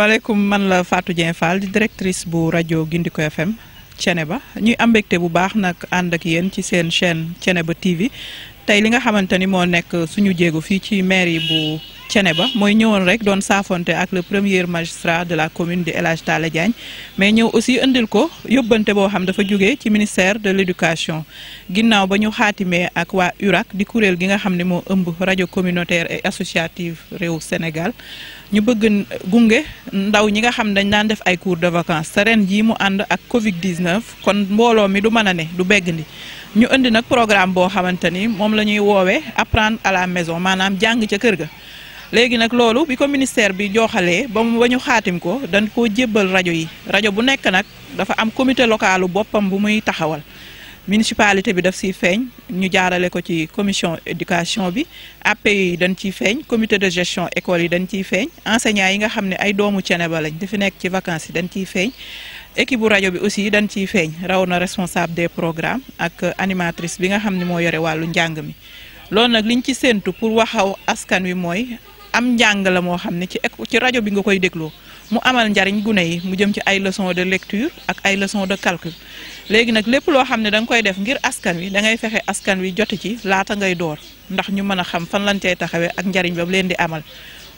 maaleykum man la Fatou Dieng Fall di directrice bu rajo Gindiko FM Thiénaba ñuy am mbégte bu baax nag ànd ak yéen ci seen chaîne ba TV tey li nga xamante ni moo nekk suñu jéego fii ci mairie bu. ba mooy ñëwoon rek doon saafonte ak le première magistrat de la commune di El Hadj Talla mais ñëw aussi indil ko yóbbante boo xam dafa jóge ci ministère de l' éducation ginnaaw ba ñu xaatimee ak waa URAC di kuréel gi nga xam ne moo ëmb rajo communautaire et associative réew Sénégal ñu bëgg gunge ndaw ñi nga xam dañ daan def ay cours de vacances te ren jii mu ànd ak Covid 19 kon mbooloo mi du mën a ne du begg beggandi ñu indi nag programme boo xamante ni moom la ñuy woowee apprendre à la maison maanaam jàng ca kër ga. léegi nag loolu bi ko ministère bi jooxalee ba mu ba ñu xaatim ko dañ koo jébbal rajo yi rajo bu nekk nag dafa am comité localu boppam bu muy taxawal municipalité bi daf siy feeñ ñu jaarale ko ci commission éducation bi AP yi dañ ciy feeñ comité de gestion école yi dañ ciy feeñ enseignants yi nga xam ne ay doomu Thiénaba lañ fi nekk ci vacances yi dañ ciy feeñ équipe bu rajo bi aussi dañ ciy feeñ raw na responsable des programmes ak animatrice bi nga xam ne moo yore wàllu njàng mi loolu nag liñ ci séentu pour waxaw askan wi mooy am njàng la moo xam ne ci ci rajo bi nga koy dégloo mu amal njariñ gune yi mu jëm ci ay lesons de lecture ak ay leçon de calcul léegi nag lépp loo xam ne danga koy def ngir askan wi da ngay fexe askan wi joti ci laata ngay door ndax ñu mën a xam fan lañ cay taxawee ak njariñ ba leen di amal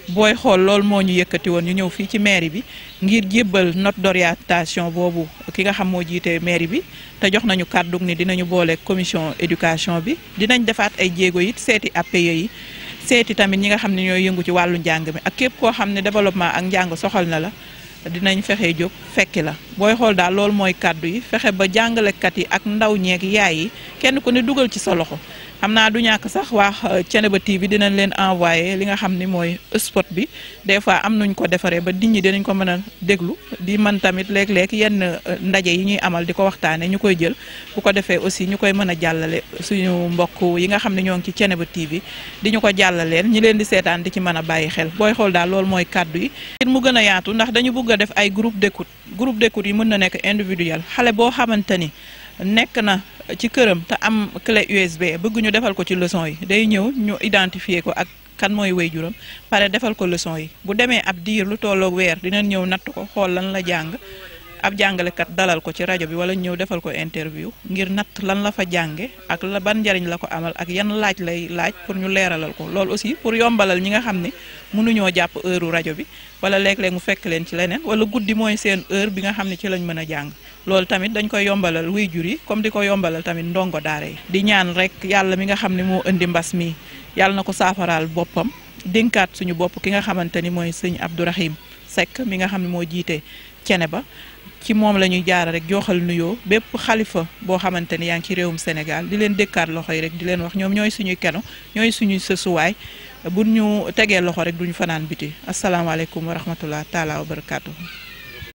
booy xool loolu moo ñu yëkkati woon ñu ñëw fii ci mairie bi ngir jébbal note d'orientation boobu ki nga xam moo jiite mairie bi te jox nañu kàddu ni dinañu boole commission éducation bi dinañ defaat ay jéego it seeti APE yi seeti tamit ñi nga xam ne ñooy yëngu ci wàllu njàng mi ak képp koo xam ne développement ak njàng soxal na la dinañ fexe jóg fekki la booy xool daal loolu mooy kàddu yi fexe ba jàngalekat yi ak ndaw ñeeg yaay yi kenn ku ne dugal ci sa loxo xam naa du ñàkk sax waa euh, Thiénaba TV dinañ leen envoyé li nga xam ni mooy spot bi des fois am nuñ ko defaree ba nit ñi dinañ ko mën a déglu di man tamit léeg-léeg yenn euh, ndaje yi ñuy amal di ko waxtaane ñu koy jël bu ko defee aussi ñu koy mën a jàllale suñu mbokk yi nga xam ne ñoo ngi ci cene ba TV di ñu ko jàllaleen ñi leen di seetaan di ci mën a bàyyi xel booy xool daal loolu mooy kàddu yi ngir mu gën a yaatu ndax dañu bëgg a def ay groupe d'écoute groupe d'écoute yi mën na nekk individuel xale boo xamante ni nekk na ci këram te am clé USB bëgguñu defal ko ci leçon yi day ñëw ñu identifier ko ak kan mooy waajuram pare defal ko leçon yi bu demee ab diir lu tolloog weer dinañ ñëw natt ko xool lan la jàng ab jàngalekat dalal ko ci rajo bi wala ñëw defal ko interview ngir natt lan la fa jànge ak la ban njariñ la ko amal ak yan laaj lay laaj pour ñu leeralal ko loolu aussi pour yombalal ñi nga xam ne mënuñoo jàpp heure rajo bi wala léeg leen mu fekk leen ci leneen wala guddi mooy seen heure bi nga xam ne ci lañ mën a jàng loolu tamit dañ koy yombalal wuy jur yi di ko yombalal tamit ndongo daara di ñaan rek yàlla mi nga xam ne moo indi mbas mi yàlla na ko saafaraal boppam dénkaat suñu bopp ki nga xamante ni mooy sëñ Abdourahim Seck mi nga xam ne moo jiite cene ba ci moom la ñuy jaara rek joxal nuyoo bépp xalifa boo xamante ni yaa ngi ci réewum Sénégal di leen dëkkaat loxo yi rek di leen wax ñoom ñooy suñuy keno ñooy suñuy sësuwaay bu ñu tegee loxo rek duñu fanaan biti asalaamaaleykum wa rahmatullah taala wa barakaatu.